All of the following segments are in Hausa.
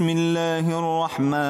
بسم الله الرحمن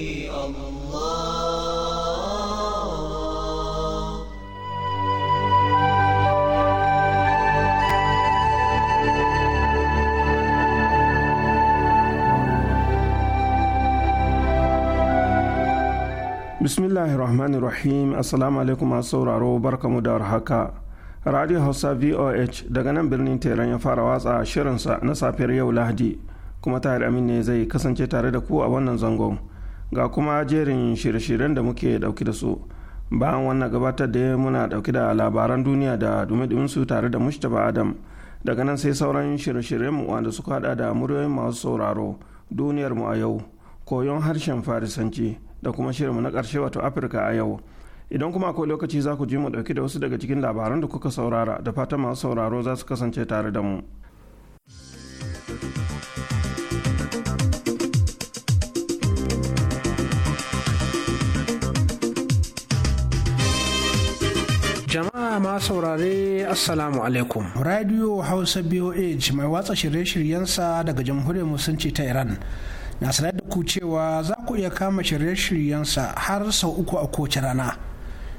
Bismillahi bismillahirrahmanirrahim assalamu alaikum masu sauraro barkamu da haka radio hausa voh daga nan birnin teran ya fara watsa shirinsa na safiyar yau lahadi kuma tahir amin ne zai kasance tare da ku a wannan zangon ga kuma jerin shirye-shiryen da muke dauki da su bayan wannan gabatar da muna dauki da labaran duniya da dumi tare da mustapha adam daga nan sai sauran shirye-shiryen mu wanda suka hada da muryoyin masu sauraro duniyarmu a yau koyon harshen farisanci da kuma shirinmu na ƙarshe wato afirka a yau idan kuma akwai lokaci za ku ji mu dauki da wasu daga cikin labaran da kuka saurara da fata masu sauraro za su kasance tare da mu jama'a ma saurare assalamu alaikum radio hausa boh mai watsa shirye-shiryensa daga jamhuriyar musulunci ta iran na sanar da ku cewa za ku iya kama shirye shiryen sa har sau uku a kowace rana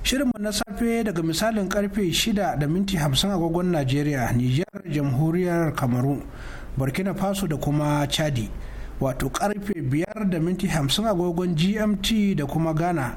shirinmu na safe daga misalin karfe 6 da minti 50 agogon najeriya nijar jamhuriyar kamaru burkina faso da kuma chadi wato karfe 5 da minti 50 agogon gmt da kuma ghana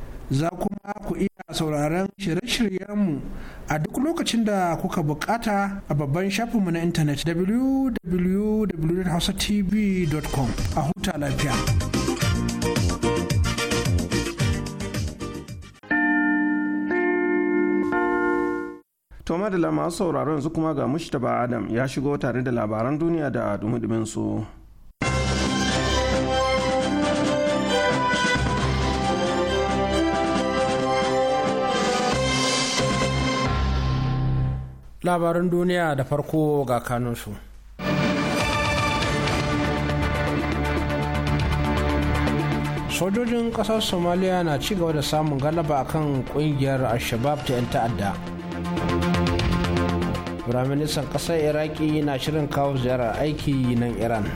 za kuma ku iya sauraron shirye-shiryenmu a duk lokacin da kuka bukata a babban shafinmu na intanet www.hausatv.com a huta lafiya. toma da masu sauraron yanzu kuma ga mushtaba Adam ya shigo tare da labaran duniya da dumudumin su. labaran duniya da farko ga kanunsu. sojojin kasar somaliya na cigaba da samun galaba akan kungiyar al-shabab ta 'yan ta'adda firaministan kasar iraki na shirin kawo ziyarar aiki nan iran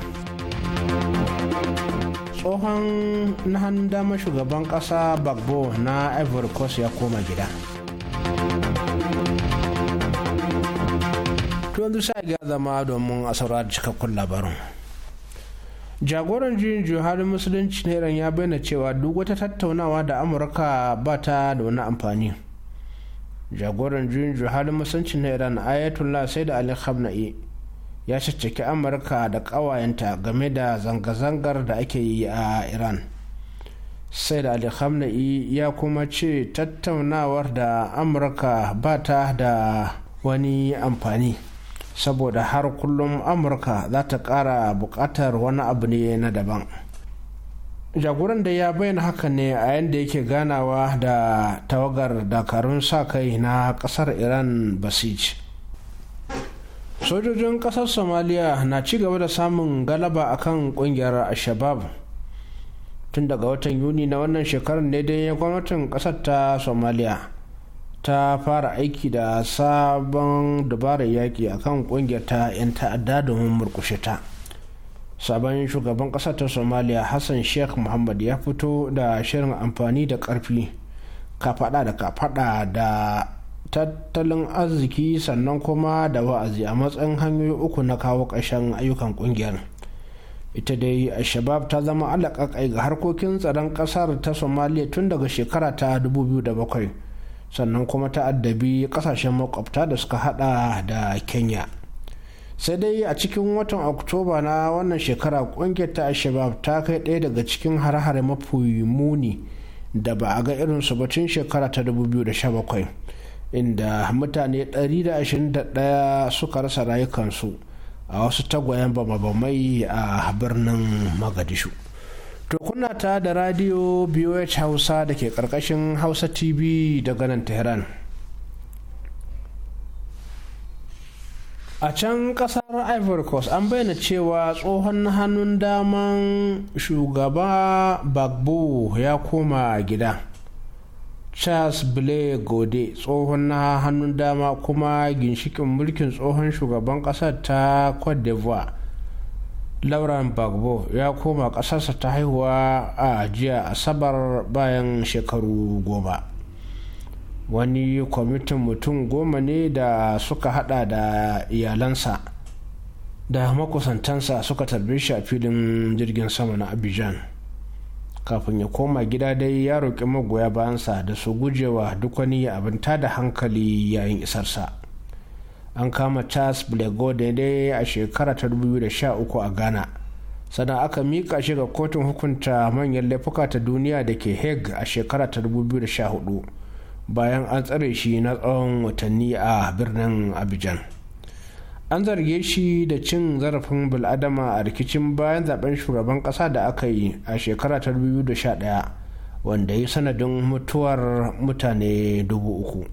tsohon na hannun damar shugaban kasa bagbo na ivory coast ya koma gida yanzu sai ga zama domin a saurari cikakkun labarin jagoran juyin halin musulunci na iran ya bayyana cewa duk wata tattaunawa da amurka ba ta da wani amfani jagoran juyin halin musulunci na iran ayatollah sai da ali khamna'i ya caccaki amurka da ƙawayenta game da zanga-zangar da ake yi a iran sai da ali khamna'i ya kuma ce tattaunawar da amurka ba ta da wani amfani saboda har kullum amurka za ta kara bukatar wani abu ne na daban jagoran da ya bayyana haka ne a yadda yake ganawa da tawagar dakarun sa-kai na kasar iran basij sojojin kasar somaliya na ci gaba da samun galaba akan ƙungiyar shabab tun daga watan yuni na wannan shekarar ne dai gwamnatin ƙasar ta somaliya ta fara aiki da sabon dabarar yaƙi a kan ƙungiyar ta 'yan ta'adda domin murƙushe ta sabon shugaban ƙasar ta somaliya hassan sheikh muhammad ya fito da shirin amfani da ƙarfi kafaɗa da kafaɗa da tattalin arziki sannan kuma da wa'azi a matsayin hanyoyi uku na kawo ƙarshen ayyukan ƙungiyar ita dai shabab ta zama alaƙaƙai ga harkokin tsaron ƙasar ta somaliya tun daga shekara ta 2007 sannan kuma ta addabi kasashen makwabta da suka hada da kenya sai dai a cikin watan oktoba na wannan shekara kungiyar ta shabab ta kai ɗaya daga cikin har-hare mafi muni da ba a ga irinsu ba tun shekara ta 2017 inda mutane 121 suka rasa rayukansu a wasu tagwayen bama-bamai a birnin magadishu To kuna ta da radio BOH Hausa da ke ƙarƙashin Hausa TV daga nan Tehran. A can ƙasar Ivory Coast an bayyana cewa tsohon hannun daman shugaba Bagbo ya koma gida. Charles Blake Gode tsohon na hannun dama kuma ginshikin mulkin tsohon shugaban ƙasar ta Cote d'Ivoire. lauren bagbo ya koma ƙasarsa ta haihuwa a jiya asabar bayan shekaru goma wani kwamitin mutum goma ne da suka hada da iyalansa da makusantansa suka tarbe shi a filin jirgin sama na abidjan kafin ya koma gida dai ya roƙi magoya bayansa da su gujewa duk wani abin da hankali yayin isarsa an kama charles blago daidai a shekara ta 2013 a ghana sannan aka mika shi ga kotun hukunta manyan laifuka ta duniya da ke hague a shekara ta 2014 bayan an tsare shi na tsawon watanni a birnin abidjan an zarge shi da cin zarafin bil'adama a rikicin bayan zaben shugaban kasa da aka yi a shekara ta 2011 wanda ya sanadin mutuwar mutane dubu uku.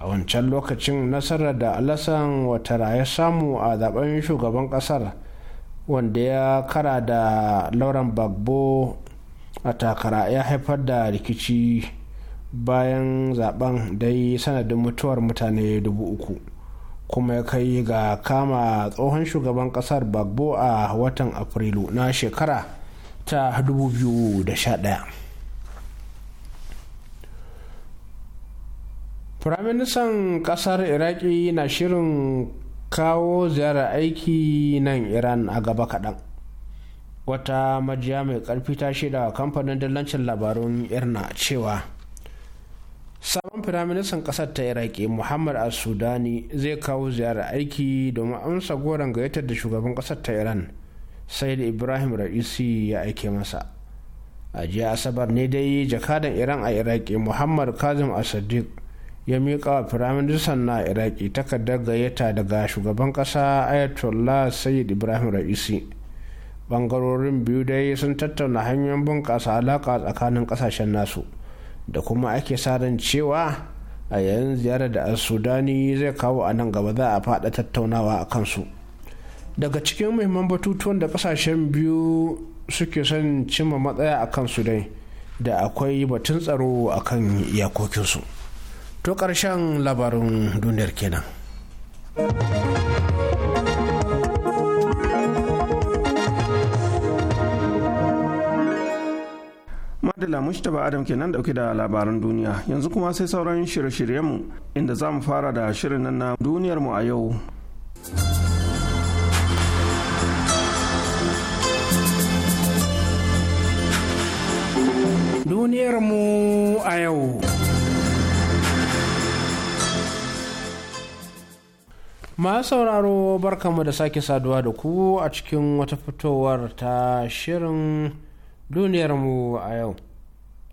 a wancan lokacin nasarar da alasan watara ya samu a zaben shugaban kasar wanda ya kara da lauren bagbo a takara ya haifar da rikici bayan zaben dai sanadin mutuwar mutane dubu uku kuma ya kai ga kama tsohon shugaban kasar bagbo a watan afrilu na shekara ta 2011 firaministan ƙasar iraki na shirin kawo ziyarar aiki nan iran a gaba kaɗan wata majiya mai ƙarfi ta shaida wa kamfanin dillancin labarun irna cewa sabon firaministan ƙasar ta iraki muhammad al-sudani zai kawo ziyarar aiki domin amsa goron gayyatar da shugaban ƙasar ta iran sai da ibrahim ra'isi ya aike masa a jiya asabar ne dai jakadan iran a iraki muhammad kazim sadiq ya miƙa wa firaministan na iraki takardar gayyata daga shugaban ƙasa ayatollah sayyid ibrahim ra'isi ɓangarorin biyu dai sun tattauna hanyoyin bunƙasa alaƙa tsakanin ƙasashen nasu da kuma ake sa ran cewa a yayin ziyarar da sudani zai kawo a nan gaba za a faɗa tattaunawa a kansu daga cikin muhimman batutuwan da ƙasashen biyu suke son cimma matsaya a kansu dai da akwai batun tsaro a kan iyakokinsu. to ƙarshen labarin duniyar kenan. Madala Mustapha Adam kenan dauke da labaran duniya yanzu kuma sai sauran shirye-shiryenmu inda za mu fara da shirin nan na duniyarmu a yau. Duniyarmu a yau. masu sauraro barkamu da sake saduwa da ku a cikin wata fitowar ta shirin duniyarmu a yau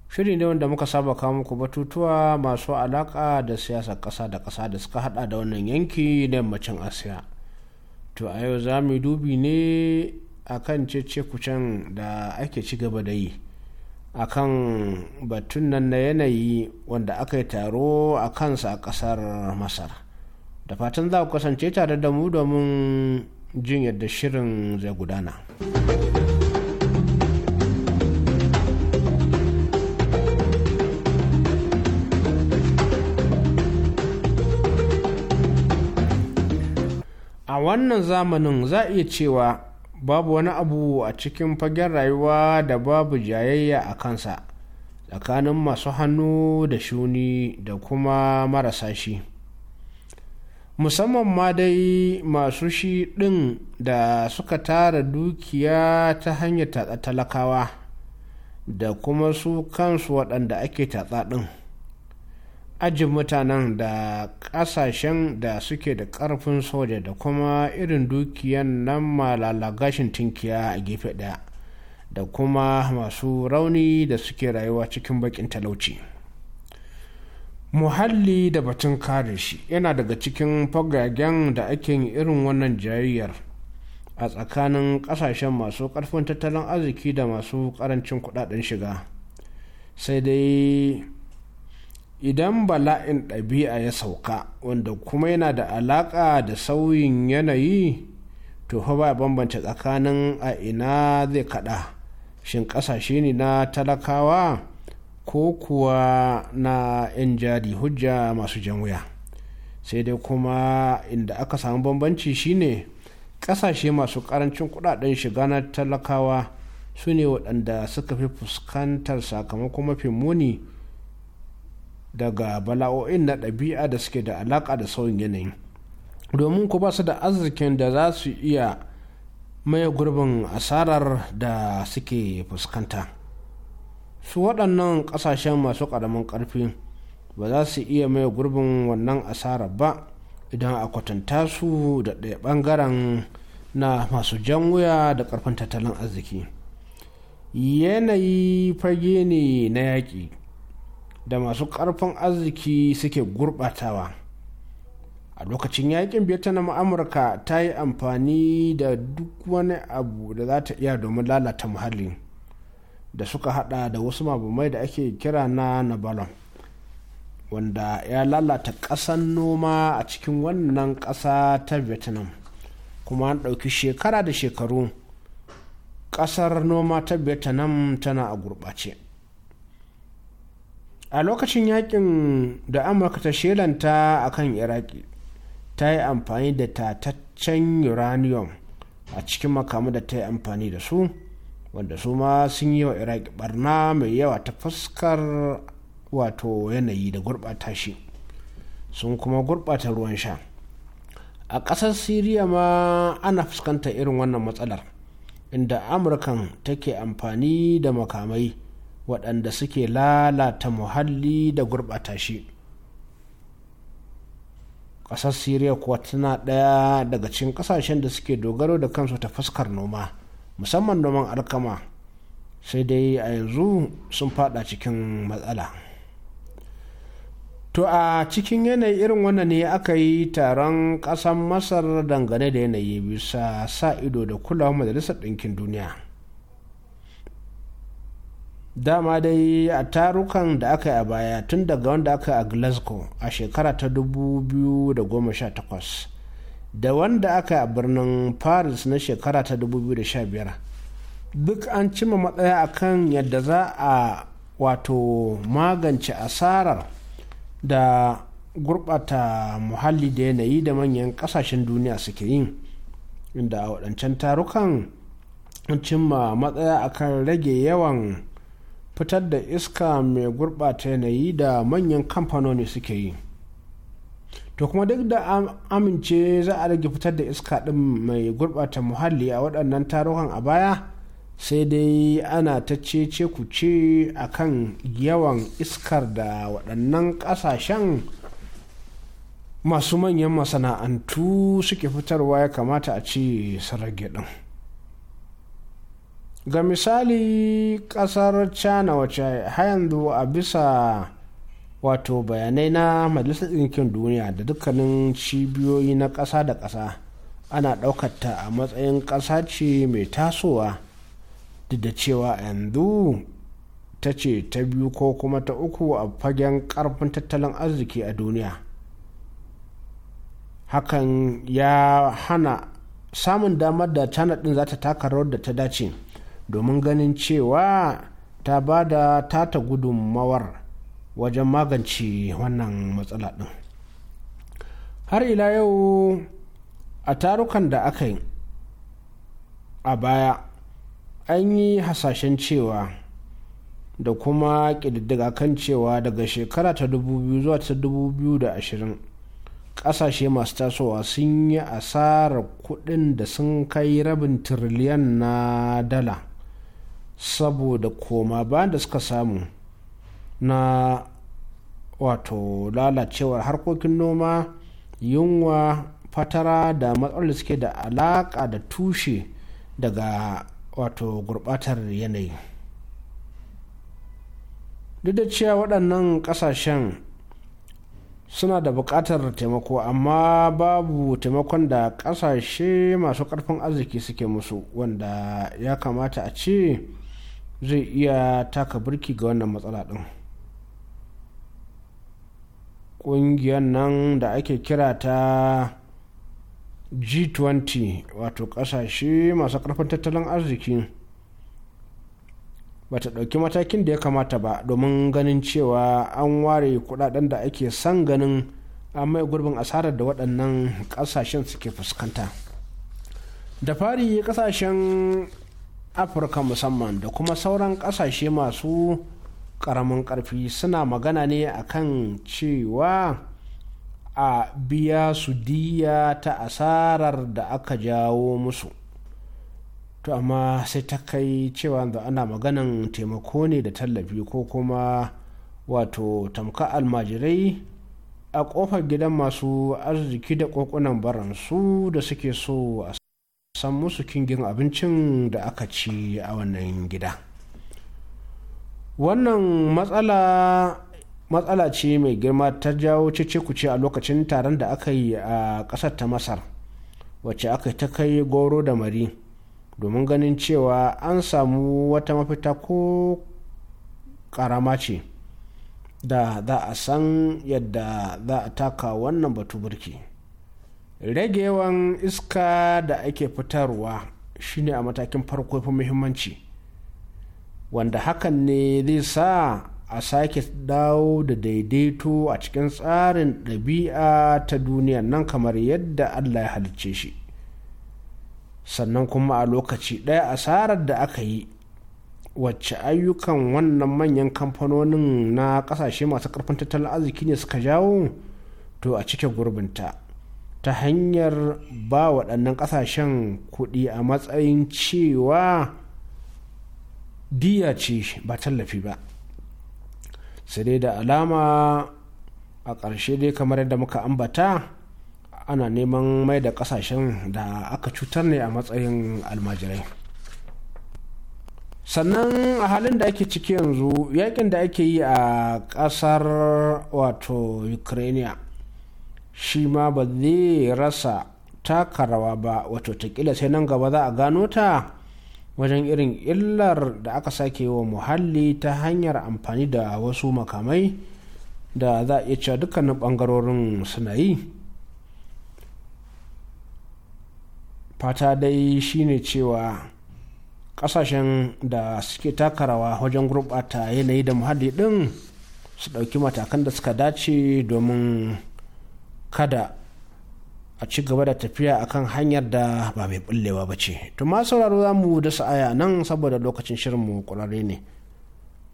shiri ne wanda muka saba kawo muku batutuwa masu alaka da siyasar ƙasa da ƙasa da suka hada da wannan yanki na yammacin asiya to a yau za mu dubi ne akan cece kucen da ake ci gaba da yi akan batun nan na yanayi wanda aka yi taro a kansa a ƙasar masar da fatan za ku kasance tare da mu domin jin yadda shirin zai gudana. a wannan zamanin za iya cewa babu wani abu a cikin fagen rayuwa da babu jayayya a kansa tsakanin masu hannu da shuni da kuma marasa shi musamman ma dai masu shi ɗin da suka tara dukiya ta hanyar tatsa talakawa da kuma su kansu waɗanda ake tatsa ɗin ajin mutanen da ƙasashen da suke da ƙarfin soja da kuma irin dukiyan nan malalagashin tinkiya a gefe ɗaya da kuma masu rauni da suke rayuwa cikin baƙin talauci. muhalli da batun kare shi yana daga cikin fagagen da ake yin irin wannan jayayyar a tsakanin kasashen masu karfin tattalin arziki da masu karancin kudaden shiga sai dai idan bala'in ɗabi'a ya sauka wanda kuma yana da alaƙa da sauyin yanayi to fa ba bambance tsakanin a ina zai kaɗa shin ƙasashe ne na talakawa ko kuwa na 'yan jari hujja masu jan wuya sai dai kuma inda aka samu bambanci shine kasashe masu karancin kudaden shiga na talakawa su ne waɗanda suka fi fuskantar sakamako mafi muni daga bala'o'in na ɗabi'a da suke da alaƙa da sauyin yanayi domin ku ba su da arzikin da za su iya maye gurbin asarar da suke fuskanta. su waɗannan ƙasashen masu ƙaramin ƙarfi ba za su iya mai gurbin wannan asara ba idan a kwatanta su da ɗaya ɓangaren na masu jan wuya da ƙarfin tattalin arziki yanayi fage ne na yaƙi da masu ƙarfin arziki suke gurɓatawa a lokacin yaƙin na amurka ta yi amfani da duk wani abu da za ta iya domin lalata muhalli. da suka hada da wasu mabumai da ake kira na nabalon wanda ya lalata ƙasan noma a cikin wannan ƙasa ta vietnam kuma an ɗauki shekara da shekaru ƙasar noma ta vietnam tana a gurɓace a lokacin yakin da amurka ta shelanta a kan iraki ta yi amfani da tataccen uranium a cikin makamu da ta yi amfani da su wanda su ma sun yi wa iraq barna mai yawa ta fuskar wato yanayi da gurbata shi sun kuma gurɓata ruwan sha a ƙasar siriya ma ana fuskanta irin wannan matsalar inda amurkan take amfani da makamai waɗanda suke lalata muhalli da gurɓata shi ƙasar siriya kuwa tana ɗaya daga cikin ƙasashen da suke dogaro da kansu ta fuskar noma musamman noman alkama sai dai a yanzu sun fada cikin matsala to a cikin yanayi irin wannan ne aka yi taron ƙasan masar dangane da yanayi bisa sa ido da kulawa majalisar ɗinkin duniya dama dai a tarukan da aka yi a baya tun daga wanda aka yi a glasgow a shekara ta 2018 da wanda aka yi a birnin paris na shekara ta 2015 duk an cima matsaya akan yadda za a wato magance asarar da gurɓata muhalli da yanayi da manyan ƙasashen duniya suke yi inda a waɗancan tarukan an cimma matsaya akan rage yawan fitar da iska mai gurɓata yanayi da manyan kamfanoni suke yi. to kuma duk da amince za a rage fitar da iska ɗin mai gurɓata muhalli a waɗannan tarukan a baya sai dai ana ta cece ku ce a kan yawan iskar da waɗannan ƙasashen masu manyan masana'antu suke fitarwa ya kamata a ce sarage ɗin ga misali ƙasar china wacce har yanzu a bisa wato bayanai na majalisar ɗinkin duniya da dukkanin cibiyoyi na ƙasa da ƙasa ana ɗaukata a matsayin ƙasa ce mai tasowa duk da cewa yanzu ta ce ta biyu ko kuma ta uku a fagen ƙarfin tattalin arziki a duniya hakan ya hana samun damar da china ɗin za ta taka rawar da ta dace domin ganin cewa ta ba da tata gudunmawar wajen magance wannan matsala ɗin har ila yau a tarukan da aka yi a baya an yi hasashen cewa da kuma ƙididdiga kan cewa daga shekara ta 2000 zuwa ta 2020 ƙasashe masu tasowa sun yi asarar kuɗin da sun kai rabin tiriliyan na dala saboda koma bayan da suka samu na wato lalacewar harkokin noma yunwa fatara da matsalolin suke da alaƙa da tushe daga wato gurɓatar yanayi duk da cewa waɗannan ƙasashen suna da buƙatar taimako amma babu taimakon da ƙasashe masu ƙarfin arziki suke musu wanda ya kamata a ce zai iya taka birki ga wannan matsala ɗin. kungiyar nan da ake kira ta g20 wato kasashe masu karfin tattalin arziki ba ta ɗauki matakin da ya kamata ba domin ganin cewa an ware kudaden da ake san ganin an mai gurbin asarar da waɗannan ƙasashen suke fuskanta da fari kasashen afirka musamman da kuma sauran ƙasashe masu ƙaramin ƙarfi suna magana ne akan cewa a biya su diya ta asarar da aka jawo musu to amma sai ta kai cewa da ana maganan taimako ne da tallafi ko kuma wato tamka almajirai a ƙofar gidan masu arziki da ƙoƙunan baransu da suke so a san musu kingin abincin da aka ci a wannan gidan. wannan matsala matsala ce mai girma ta jawo cece-kuce a lokacin taron da aka yi a ƙasar ta masar wacce aka ta kai goro da mari domin ganin cewa an samu wata mafita ko ƙarama ce da za a san yadda za a taka wannan batu burki rage yawan iska da ake fitarwa shine a matakin farko fi muhimmanci wanda hakan ne zai sa a sake dawo da daidaito a cikin tsarin ɗabi'a ta duniya nan kamar yadda allah ya halicce shi sannan kuma a lokaci ɗaya asarar da aka yi wacce ayyukan wannan manyan kamfanonin na ƙasashe masu ƙarfin tattalin arziki ne suka jawo to a cike gurbinta ta hanyar ba waɗannan ƙasashen kuɗi a matsayin cewa diya ce ba tallafi ba sai dai da alama a ƙarshe dai kamar yadda muka ambata ana neman mai da ƙasashen da aka cutar ne a matsayin almajirai sannan a halin da ake ciki yanzu yakin da ake yi a ƙasar wato ukraine shi ma ba zai rasa taka rawa ba wato takila sai nan gaba za a gano ta wajen irin illar da aka sake wa muhalli ta hanyar amfani da wasu makamai da za a iya cewa dukkanin bangarorin suna yi fata dai shine cewa kasashen da suke takarawa wajen gurɓata yanayi da muhalli ɗin su ɗauki matakan da suka dace domin kada a ci gaba da tafiya akan hanyar da ba mai bullewa ba ce to ma sauraro za mu dasa aya nan saboda lokacin shirin mu kurare ne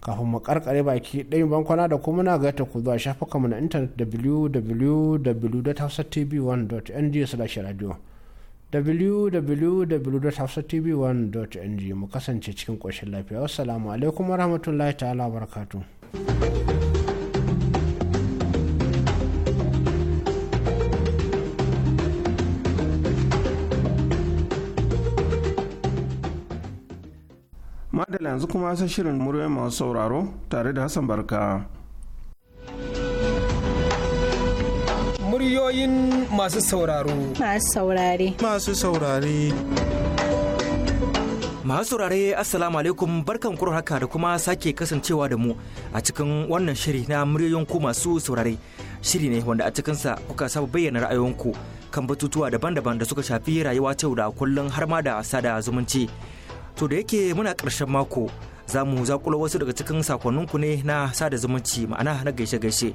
kafin mu karkare baki ɗayin bankwana da kuma na gaita ku zuwa mu na intanet www.hausatv1.ng/radio www.hausatv1.ng mu kasance cikin ƙoshin lafiya wassalamu alaikum warahmatullahi ta'ala barakatu. yanzu kuma sai shirin murya masu sauraro tare da Hassan Barka. Muryoyin masu sauraro. Masu saurare. Masu saurare. Masu saurare Assalamu alaikum barkan kuro haka da kuma sake kasancewa da mu a cikin wannan shiri na muryoyin ku masu saurare. Shiri ne wanda a cikinsa kuka saba bayyana ra'ayoyinku kan batutuwa daban-daban da suka shafi rayuwa ta da kullum har ma da sada zumunci. To da yake muna ƙarshen mako za mu zakulo wasu daga cikin sakonninku ne na sada zumunci ma'ana na gaishe-gaishe.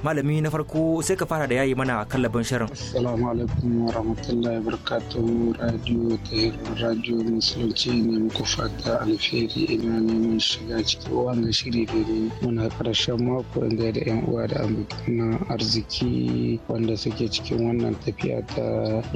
malami na farko sai ka fara da yayi mana kallabin shirin assalamu alaikum wa rahmatullahi wa barakatuhu radio ta radio musulunci ne muku fata alheri ina neman shiga cikin wannan shiri da ne muna karshen mako inda da yan uwa da na arziki wanda suke cikin wannan tafiya ta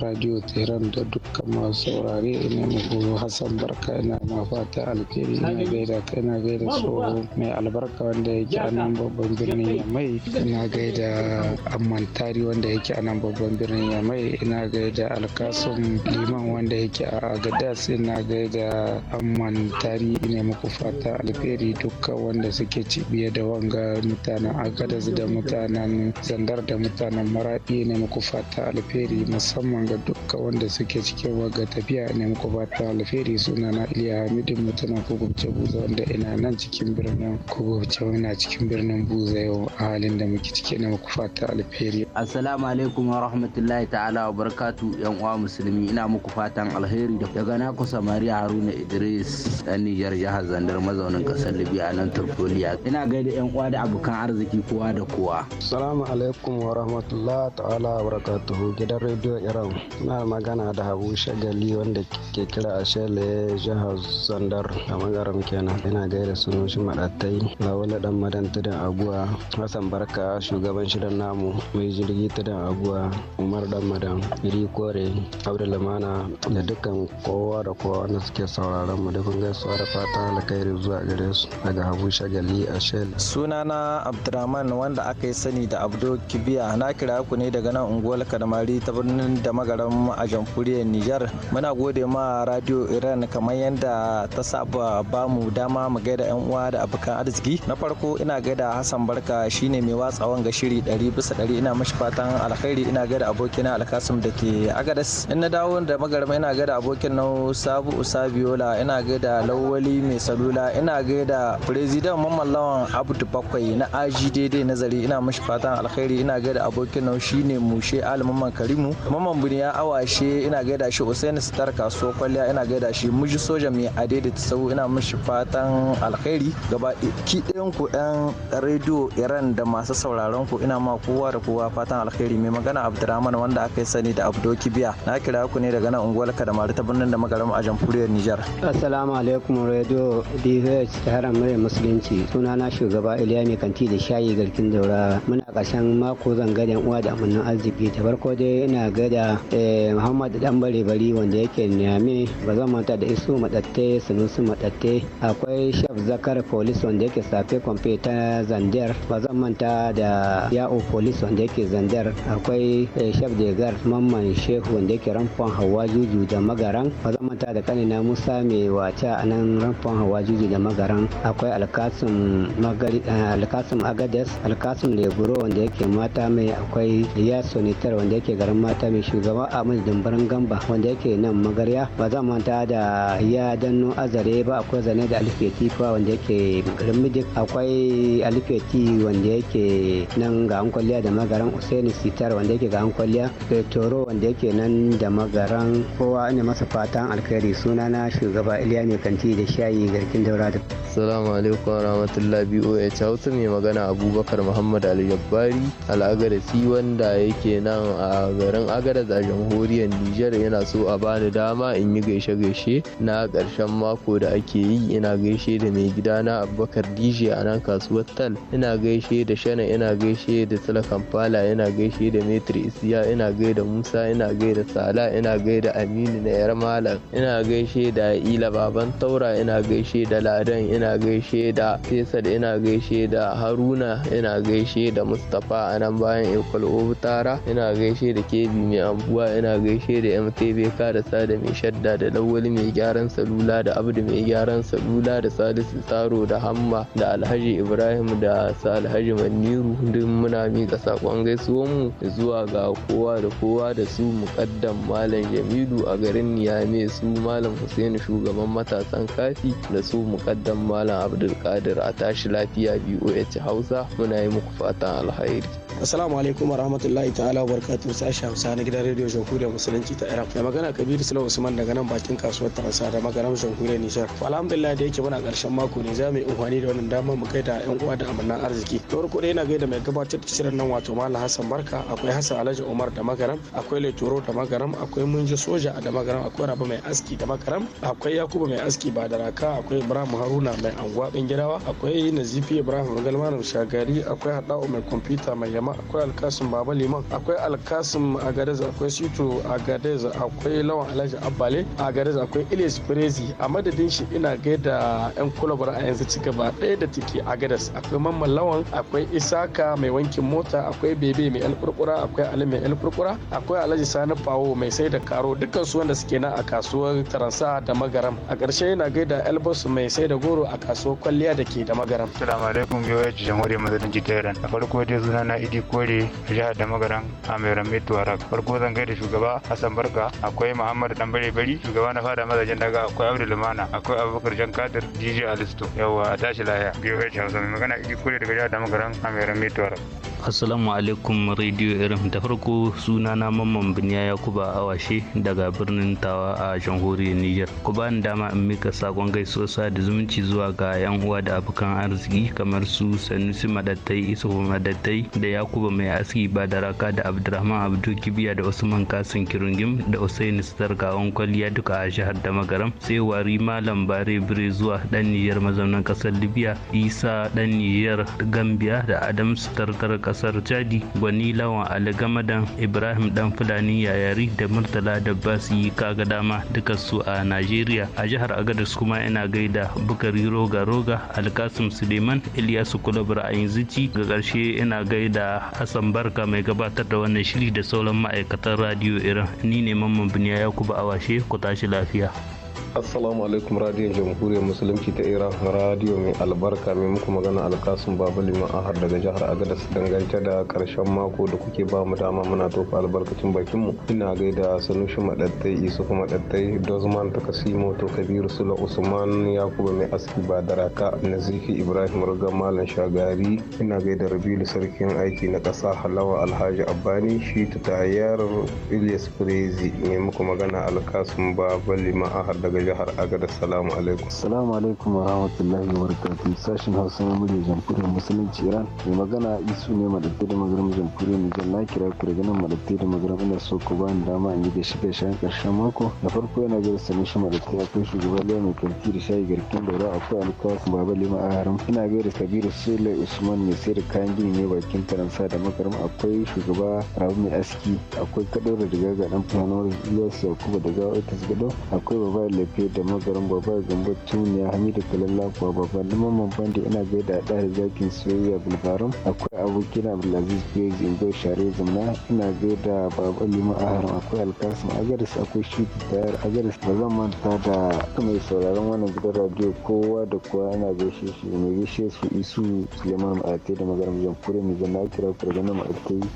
radio tehran da dukkan masu saurare ina muku hassan barka ina ma fata alheri ina gaida ka ina gaida so mai albarka wanda yake a nan babban birnin mai ina gaida amman tari wanda yake a nan babban birnin yamai ina gaida alkasun liman wanda yake a agadas ina gaida amman tari ina muku fata Alferi duka wanda suke cibiya da wanga mutanen agadas da mutanen zandar da mutanen Maraɗi, ne muku fata Alferi musamman ga duka wanda suke cikin waga tafiya ne muku fata Alferi suna na iliya hamidin mutanen kogobce buza wanda ina nan cikin birnin kogobce ina cikin birnin buza yau a halin da muke ciki ciki na muku fata alheri assalamu alaikum wa rahmatullahi ta'ala wa barakatu yan uwa musulmi ina muku fatan alheri daga na ku samari haruna idris dan nijar jihar zandar mazaunin kasar libya nan turkoliya ina gaida yan uwa da abokan arziki kowa da kowa assalamu alaikum wa rahmatullahi ta'ala wa barakatuhu gidan rediyo iran ina magana da habu shagali wanda ke kira a shele jihar zandar a magaram kenan ina gaida sunan shi madatai lawala dan madan aguwa hassan barka shugaban shirin namu mai jirgi ta dan aguwa umar dan madan iri kore abdullamana da dukkan kowa da kowa wanda suke sauraron mu dukkan gaisuwa da fata alkhairi zuwa gare su daga habu shagali a shell sunana abdurrahman wanda aka yi sani da abdo kibiya na kira ku ne daga nan unguwar kadamari ta birnin da magaran a jamhuriyar nijar muna gode ma radio iran kamar yadda ta saba ba mu dama mu gaida yan uwa da abokan arziki na farko ina gaida hassan barka shine mai watsawan ga shiri ɗari bisa ɗari ina mashi fatan alkhairi ina gaida abokina alkasim da ke agadas in na dawo da magarama ina gaida abokin nau sabu usabiola ina gaida lawali mai salula ina gaida firizidan mamallawan abdu bakwai na aji daidai nazari ina mashi fatan alkhairi ina gaida abokin nau shine mushe alimaman karimu maman buniya awashe ina gaida shi usaini sitar kasuwar kwalliya ina gaida shi muji soja mai adadi sau ina mashi fatan alkhairi gaba ki ku ɗan rediyo iran da masu sauraro sauranku ina ma kowa da kowa fatan alheri mai magana Abdurrahman wanda aka yi sani da Abdo Kibiya na kira ku ne daga nan unguwar Kadamari ta birnin da magaram a jamhuriyar Nijar. Assalamu alaikum radio dh ta haram mai musulunci sunana shugaba Iliya mai kanti da shayi garkin daura muna karshen mako zan uwa da amannin arziki ta farko dai ina gada eh, Muhammad dan bare bari wanda yake niyame ba zan manta da isu madatte sunusu madatte akwai Shaf Zakar Police wanda yake safe kwamfe ta Zandiyar ba zan manta da da ya'o polis wanda yake zandar akwai eh, de gar mamman shehu wanda yake ramfon hawa juju da magaran mazamanta da kanina musa mai wata a nan ramfon hawa juju da magaran akwai alkasim eh, agades alkasim leburo wanda yake mata mai akwai ya sonitar wanda yake garin mata mai shugaba ahmad dumbarin gamba wanda yake nan magarya ba zan manta da ya danno azare ba akwai zane da alifeti fa wanda yake garin midik akwai alifeti wanda yake nan ga an kwalliya da magaran usaini sitar wanda yake ga an kwalliya da toro wanda yake nan da magaran kowa ne masa fatan alkhairi suna na shugaba iliya ne kanti da shayi garkin daura da salamu alaikum wa rahmatullah boa hausa mai magana abubakar muhammad al-jabbari al'agarasi wanda yake nan a garin agaras a jamhuriyar nijar yana so a bani dama in yi gaishe-gaishe na karshen mako da ake yi ina gaishe da mai gidana abubakar dj a nan kasuwar tal ina gaishe da shana ina ina gaishe da sala kampala ina gaishe da metri isiya ina gaida musa ina gaida sala ina gaida aminu na yar malam ina gaishe da ila baban taura ina gaishe da ladan ina gaishe da fesal ina gaishe da haruna ina gaishe da mustapha a nan bayan Ekol obutara ina gaishe da kebi mai ambuwa ina gaishe da mtb ka da sada mai shadda da lawali mai gyaran salula da abdu mai gyaran salula da salisu saro da hamma da alhaji ibrahim da salhaji maniru duk muna miƙa saƙon mu zuwa ga kowa da kowa da su muƙaddam malam jamilu a garin niyame su malam hussein shugaban matasan kafi da su muƙaddam malam abdulkadir a tashi lafiya boh hausa muna yi muku fatan alheri. Assalamu alaikum wa rahmatullahi ta'ala wa barakatuh sashi Hausa na gidan rediyo Jamhuriyar Musulunci ta Iraq. Mai magana Kabir Sula Usman daga nan bakin kasuwar Taransa da magaram Jamhuriyar Nijar. Alhamdulillah da yake muna karshen mako ne za mu yi amfani da wannan dama mu kai da yan uwa da amannan arziki. Da farko dai ina gaida mai gabatar da shirin nan wato Malam Hassan Barka, akwai Hassan Alhaji Umar da magaram, akwai laitoro da magaram, akwai Munji Soja da magaram, akwai rabu mai aski da magaram, akwai Yakubu mai aski ba da raka, akwai Ibrahim Haruna mai anguwa gidawa akwai Nazifi Ibrahim Galmanum Shagari, akwai Hada'u mai kwamfuta mai yamma akwai alkasim baba liman akwai alkasim a gadez akwai sito a gadez akwai lawan alhaji abbale a gadez akwai ilis Prezi a madadin shi ina gaida yan kulabar a yanzu ci gaba ɗaya da take a gadas akwai mamman lawan akwai isaka mai wankin mota akwai bebe mai alkurkura akwai ali mai alkurkura akwai alhaji sani fawo mai sai da karo dukkan su wanda suke na a kasuwar taransa da magaram a ƙarshe ina gaida elbus mai sai da goro a kasuwar kwalliya da ke da magaram. salamu alaikum biyoyi jamhuriyar madadin jitairan a farko dai suna na idi kore a jihar da magaran a mai farko zan gaida shugaba hassan barka akwai muhammad dan bari shugaba na fada mazajen daga akwai abdul lumana akwai abubakar jan kadir dj alisto yawa a tashi laya biyu ya hausa mai magana idi kore daga jihar da magaran a mai tuwarak assalamu alaikum radio irin da farko suna na mamman biniya yakuba awashe daga birnin tawa a jamhuriyar niger ku bani dama in mika sakon gaisuwa da zumunci zuwa ga yan uwa da abokan arziki kamar su sanusi madattai isufu madattai da ya yakubu mai aski ba da raka da abdurrahman abdu kibiya da usman kasim kiringim da usaini gawon kwalliya duka a jihar da magaram sai wari malam bare bire zuwa dan niyyar mazaunan kasar libya isa dan niyyar gambia da adam tartar kasar chadi gwani lawan algamadan ibrahim dan fulani yayari da murtala da basi kaga dama duka su a najeriya a jihar agadas kuma ina gaida bukari roga roga alkasim suleiman ilyasu kulabar ra'ayin zici ga karshe ina gaida Hassan Barka mai gabatar da wannan shiri da sauran ma'aikatan radio Iran. Ni ne Mamman Biniya Yakubu Awashe ku tashi lafiya. assalamu alaikum radiyon jamhuriyar musulunci ta iran radiyo mai albarka mai muku magana alkasun baba liman ahar daga jihar agadas dangance da karshen mako da kuke ba mu dama muna tofa albarkacin bakin mu ina gaida sanushi madattai kuma madattai dozman takasimo to kabiru sula usman yakuba mai aski ba na zifi ibrahim ruga malam shagari ina gaida rabilu sarkin aiki na kasa halawa alhaji abani shi ta tayar ilyas prezi mai muku magana alkasun baba liman ahar daga jihar agada salamu alaikum salamu alaikum wa rahmatullahi wa barakatuh sashen hausa na murya jamhuriyar musulunci iran mai magana isu ne madaddai da magaram jamhuriyar nijar na kira ku daga nan madaddai da magaram ina so ku ba ni dama in yi da shi gashin karshen mako da farko yana gaida sami shi madaddai akwai shugaba liya mai kanti da shayi garkin daura akwai alkawasu baba lima a haram ina gaida kabiru sule usman mai sai da kayan gini ne bakin faransa da magaram akwai shugaba rabu mai aski akwai kadoro daga ga dan fulani wani da yakubu daga otis gado akwai baba lafiya da magaran babbar gambo tuniya hamidu kalalla kuwa babban liman bandi ina gaida ɗaya zakin soyayya bulbaram akwai abokina abdulaziz page ingo share zamna ina gaida babban liman aharam akwai alkasim agaris akwai shi tayar agaris ba zan manta da mai sauraron wannan gidan radio kowa da kowa yana gaishe shi mai gaishe su isu suleiman ma'ate da magaran jamhuriyar mai na kira kura gana nan ma'ate.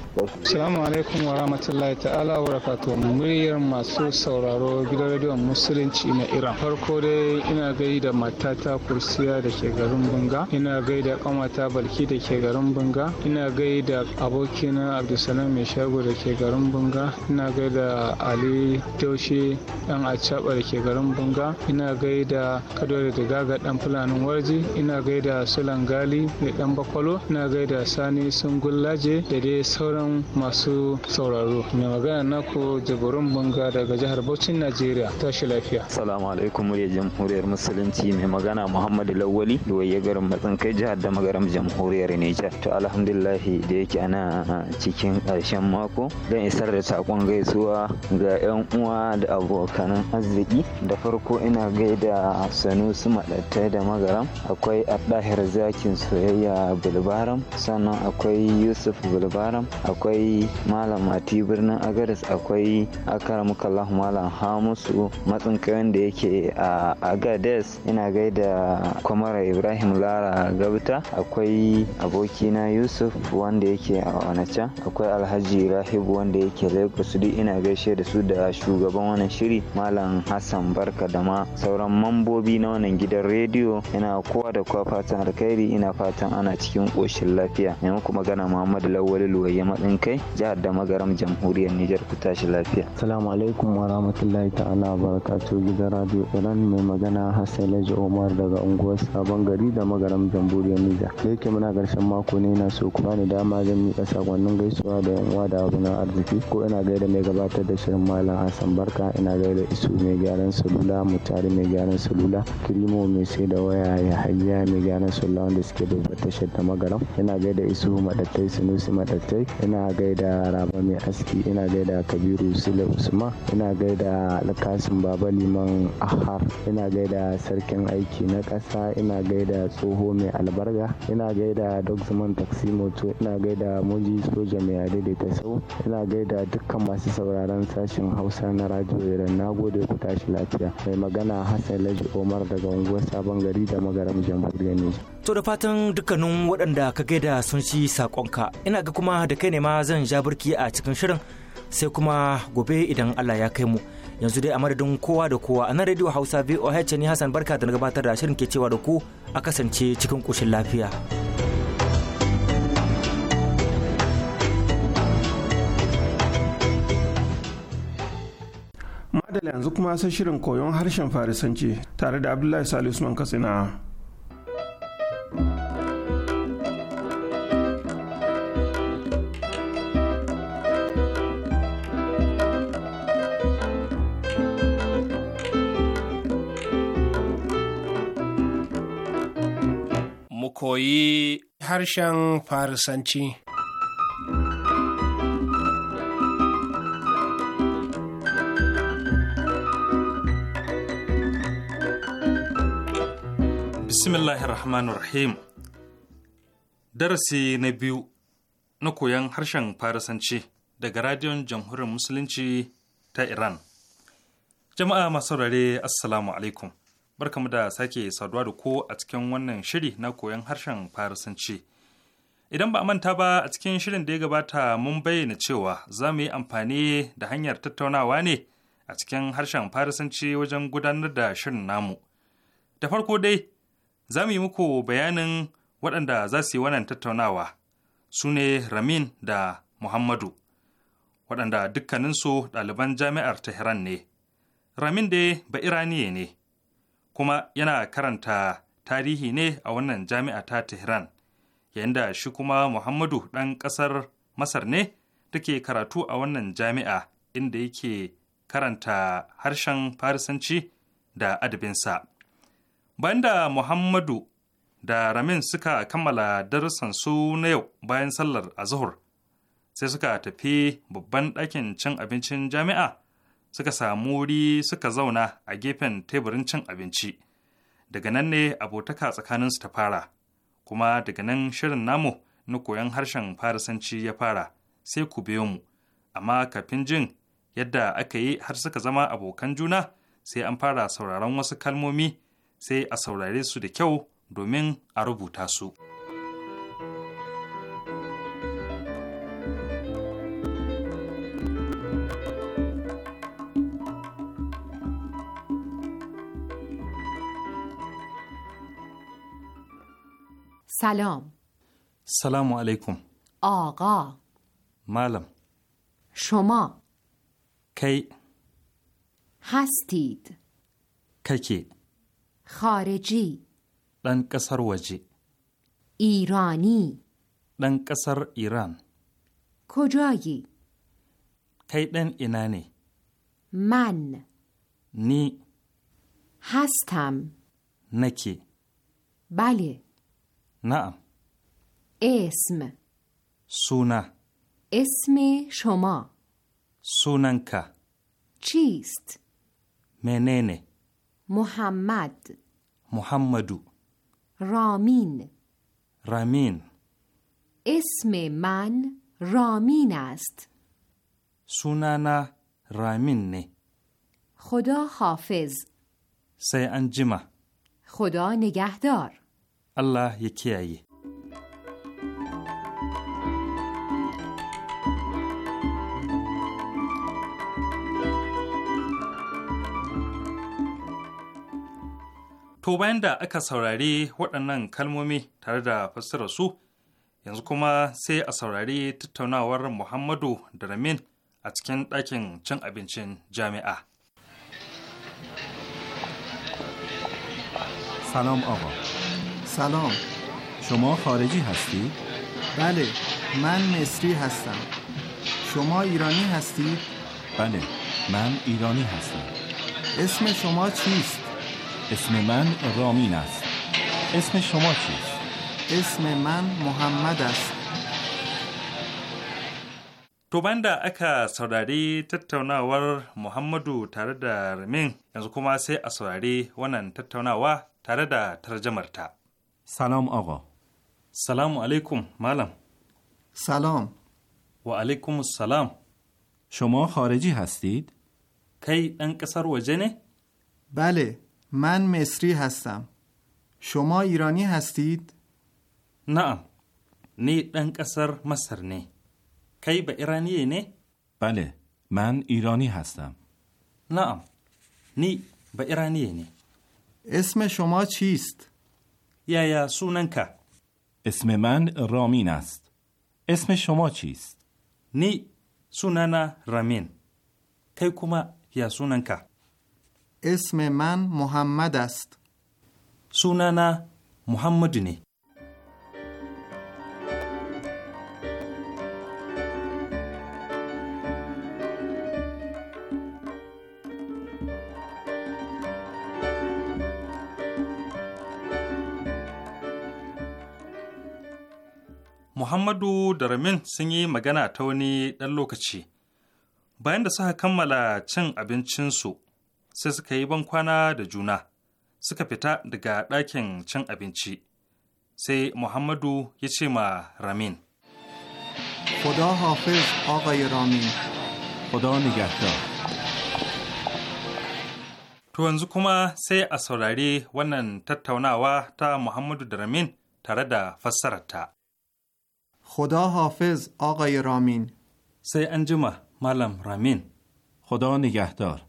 Assalamu alaikum wa rahmatullahi ta'ala wa rakatuhu muryar masu sauraro gidan radio musulunci na iran farko dai ina gaida matata kursiya da ke garin bunga ina gaida kamata balki da ke garin bunga ina gaida abokina abdulsalam mai shago da ke garin bunga ina gaida ali taushe dan acaba da ke garin bunga ina gaida kadore da gaga dan fulanin warji ina gaida sulan gali mai dan bakwalo ina gaida sani sungullaje da dai sauran masu sauraro mai magana naku jibirin bunga daga jihar bauchin najeriya tashi lafiya Assalamu alaikum muryar jamhuriyar musulunci mai magana Muhammadu Lawali ya garin matsin jihar da magaram jamhuriyar Nijar. To alhamdullahi da yake ana cikin ƙarshen mako don isar da sakon gaisuwa ga 'yan uwa da abokan arziki. Da farko ina gaida Sanusi Madatta da magaram akwai Abdahir Zakin Soyayya Bilbaram sannan akwai Yusuf Bilbaram akwai Malam Mati birnin Agaris akwai Akaram Kallahu Malam Hamusu matsin kai da yake a agades ina gaida kwamara ibrahim lara gabta akwai abokina yusuf wanda yake a wanacha akwai alhaji rahibu wanda yake lagos duk ina gaishe da su da shugaban wannan shiri malam hassan barka da ma sauran mambobi na wannan gidan rediyo ina kowa da kowa fatan alkhairi ina fatan ana cikin koshin lafiya ne muku magana muhammadu lawali luwaye matsin kai jihar da magaram jamhuriyar nijar ku tashi lafiya assalamu alaikum wa rahmatullahi ta'ala barakatu gida radio iran mai magana hassan leji omar daga unguwar sabon gari da magaram jamhuriyar Niger. da yake muna karshen mako ne na so kuma ni dama zan miƙa sakonnin gaisuwa da yan uwa da abunan arziki ko ina gaida mai gabatar da shirin malam hassan barka ina gaida isu mai gyaran salula mutare mai gyaran salula kirimo mai sai da waya ya hayya mai gyaran salula wanda suke duba tashar da magaram ina gaida isu madattai sunusi madattai ina gaida raba mai aski ina gaida kabiru sule usman ina gaida alkasim baba liman ahar ina gaida sarkin aiki na ƙasa ina gaida tsoho mai albarga ina gaida dogsman taxi moto ina gaida moji soja mai adaidaita sau ina gaida dukkan masu sauraron sashen hausa na radio iran na gode ku tashi lafiya mai magana hassan laji omar daga unguwar sabon gari da magaram jamhuriyar niger to da fatan dukkanin waɗanda ka gaida sun ci saƙonka ina ga kuma da kai ne ma zan ja birki a cikin shirin sai kuma gobe idan allah ya kai mu yanzu dai a madadin kowa da kowa a nan radio hausa voh ne hassan barka da na gabatar da shirin ke cewa da ku a kasance cikin ƙoshin lafiya madala yanzu kuma sai shirin koyon harshen farisanci tare da abdullahi salisu man katsina koyi harshen Farisanci. Bismillahirrahmanirrahim. Darasi na biyu na koyon harshen Farisanci daga Radiyon Jamhuriyar Musulunci ta Iran. Jama'a masu rare Assalamu alaikum. barkamu da sake saduwa da ko a cikin wannan shiri na koyon harshen Farisanci. Idan ba a manta ba a cikin shirin da ya gabata mun bayyana cewa za mu yi amfani da hanyar tattaunawa ne a cikin harshen Farisanci wajen gudanar da shirin namu. Da farko dai, za mu yi muku bayanin waɗanda za su yi wannan tattaunawa su ne Ramin da Muhammadu, waɗanda dukkaninsu ɗaliban jami'ar Tehran ne. Ramin dai ba Iraniye ne. kuma yana karanta tarihi ne a wannan jami'a ta Tehran, yayin shi kuma Muhammadu ɗan ƙasar Masar ne take karatu a wannan jami'a inda yake karanta harshen Farisanci da adabinsa. Bayan da Muhammadu da Ramin suka kammala darussan su na yau bayan sallar a zuhur, sai suka tafi babban ɗakin cin abincin jami'a suka samu wuri suka zauna a gefen teburin cin abinci daga nan ne abotaka tsakaninsu ta fara kuma daga nan shirin namu na koyon harshen farisanci ya fara sai ku biyo mu amma kafin jin yadda aka yi har suka zama abokan juna sai an fara sauraron wasu kalmomi sai a saurare su da kyau domin a rubuta su. سلام سلام علیکم آقا معلم شما کی هستید ککی خارجی دن کسر وجی ایرانی دن کسر ایران کجایی کی دن اینانی من نی هستم نکی بله نعم اسم سونا اسم شما سوننکا چیست؟ مننه محمد محمدو رامین رامین اسم من رامین است سونانا رامین نه خدا حافظ سی انجمه خدا نگهدار Allah ya kiyaye. To bayan da aka saurari waɗannan kalmomi tare da fassararsu su, yanzu kuma sai a saurari tattaunawar Muhammadu da Ramin a cikin ɗakin cin abincin jami'a. Salam, Abba. سلام شما خارجی هستی؟ بله من مصری هستم شما ایرانی هستی؟ بله من ایرانی هستم اسم شما چیست؟ اسم من رامین است اسم شما چیست؟ اسم من محمد است تو banda aka saurari tattaunawar محمدو tare da Ramin yanzu kuma sai a saurari wannan tattaunawa tare da سلام آقا سلام علیکم مالم سلام و علیکم السلام شما خارجی هستید؟ کی انکسر و وجه بله من مصری هستم شما ایرانی هستید؟ نه نی انکسر مصر نه کی به ایرانی نه؟ بله من ایرانی هستم نه نی به ایرانی نه اسم شما چیست؟ یا سوننکا اسم من رامین است اسم شما چیست؟ نی سونانا رامین کی یا سوننکا اسم من محمد است سونانا محمد نی Muhammadu da Ramin sun yi magana ta wani ɗan lokaci. Bayan da suka kammala cin abincinsu, sai suka yi bankwana da juna, suka fita daga ɗakin cin abinci. Sai Muhammadu ya ce ma Ramin. خدا حافظ آقای رامین خدا نگهدار To yanzu kuma sai a saurari wannan tattaunawa ta Muhammadu da Ramin tare da fassararta. خدا حافظ آقای رامین سی انجمه مالم رامین خدا نگهدار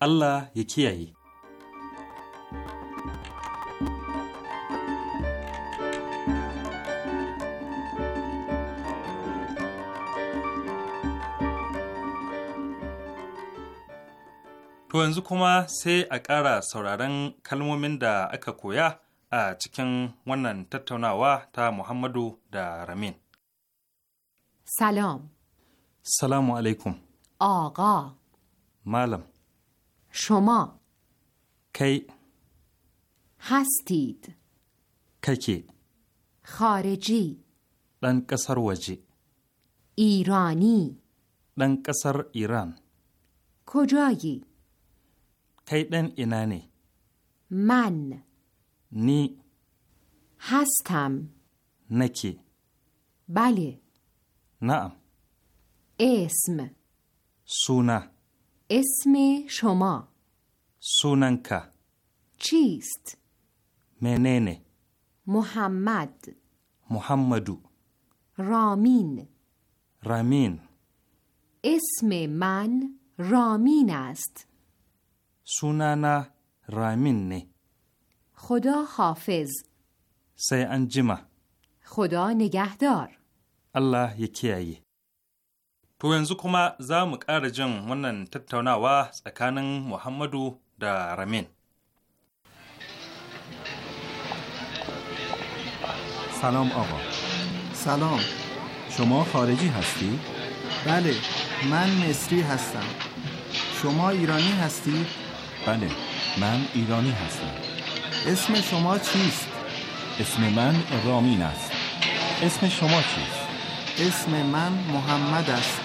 الله یکی ای. To yanzu kuma sai a ƙara sauraron kalmomin da aka koya a cikin wannan tattaunawa ta Muhammadu da Ramin. سلام سلام علیکم آقا معلم شما کی هستید ککی خارجی دن کسر وجی ایرانی دن کسر ایران کجایی کی دن اینانی من نی هستم نکی بله نعم اسم سونا اسم شما سوننکا چیست؟ مننه محمد محمدو رامین رامین اسم من رامین است سونانا رامین نه خدا حافظ سی انجمه خدا نگهدار Allah ya kiyaye. To yanzu kuma za mu ƙara jin wannan tattaunawa tsakanin Muhammadu da Ramin. سلام آقا سلام شما خارجی هستی؟ بله من مصری هستم شما ایرانی هستی؟ بله من ایرانی هستم اسم شما چیست؟ اسم من رامین است اسم شما چیست؟ اسم من محمد است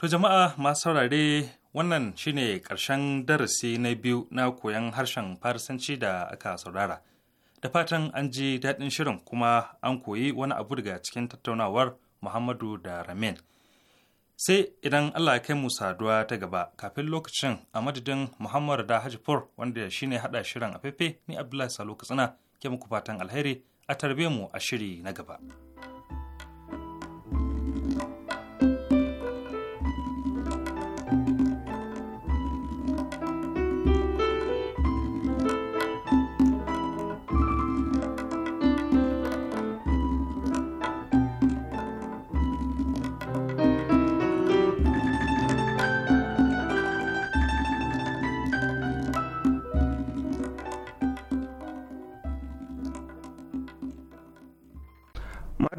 To jama'a ما saurare wannan shine ƙarshen darasi na biyu na koyon harshen Farisanci da aka saurara. Da fatan an ji daɗin shirin kuma an koyi wani abu daga cikin tattaunawar Muhammadu da Ramin. Sai idan Allah kai mu saduwa ta gaba kafin lokacin a madadin Muhammadu da Hajifur wanda shine haɗa shirin a ni Abdullahi Salo Katsina ke muku fatan alheri a tarbe mu a shiri na gaba.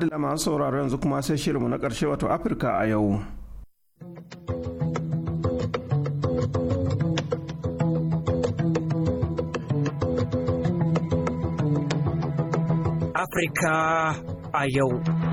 madalla masu sauraro yanzu kuma sai shirinmu na ƙarshe wato afirka a yau afirka a yau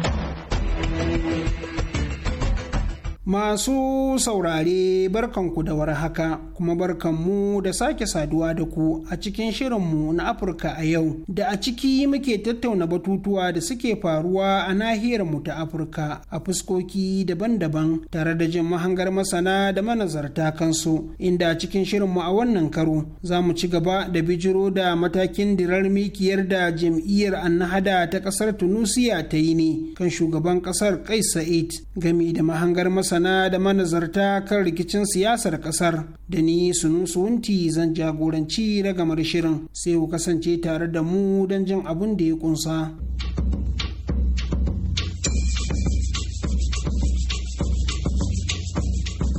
Masu saurare barkanku da haka kuma barkanmu da sake saduwa da ku a cikin shirinmu na Afirka a yau da a ciki muke tattauna batutuwa da suke faruwa a nahiyar mu ta Afirka a fuskoki daban-daban tare da jin mahangar masana da manazarta kansu inda a cikin shirinmu a wannan karo za mu ci gaba da bijiro da matakin dirar mikiyar da jam'iyyar annahada ta kasar Tunusiya ta yi ne kan shugaban kasar Kais Sa'id game da mahangar masana masana da manazarta kan rikicin siyasar kasar da ni sunusu wunti zan jagoranci ragamar shirin sai ku kasance tare da mu don jin abin da ya kunsa.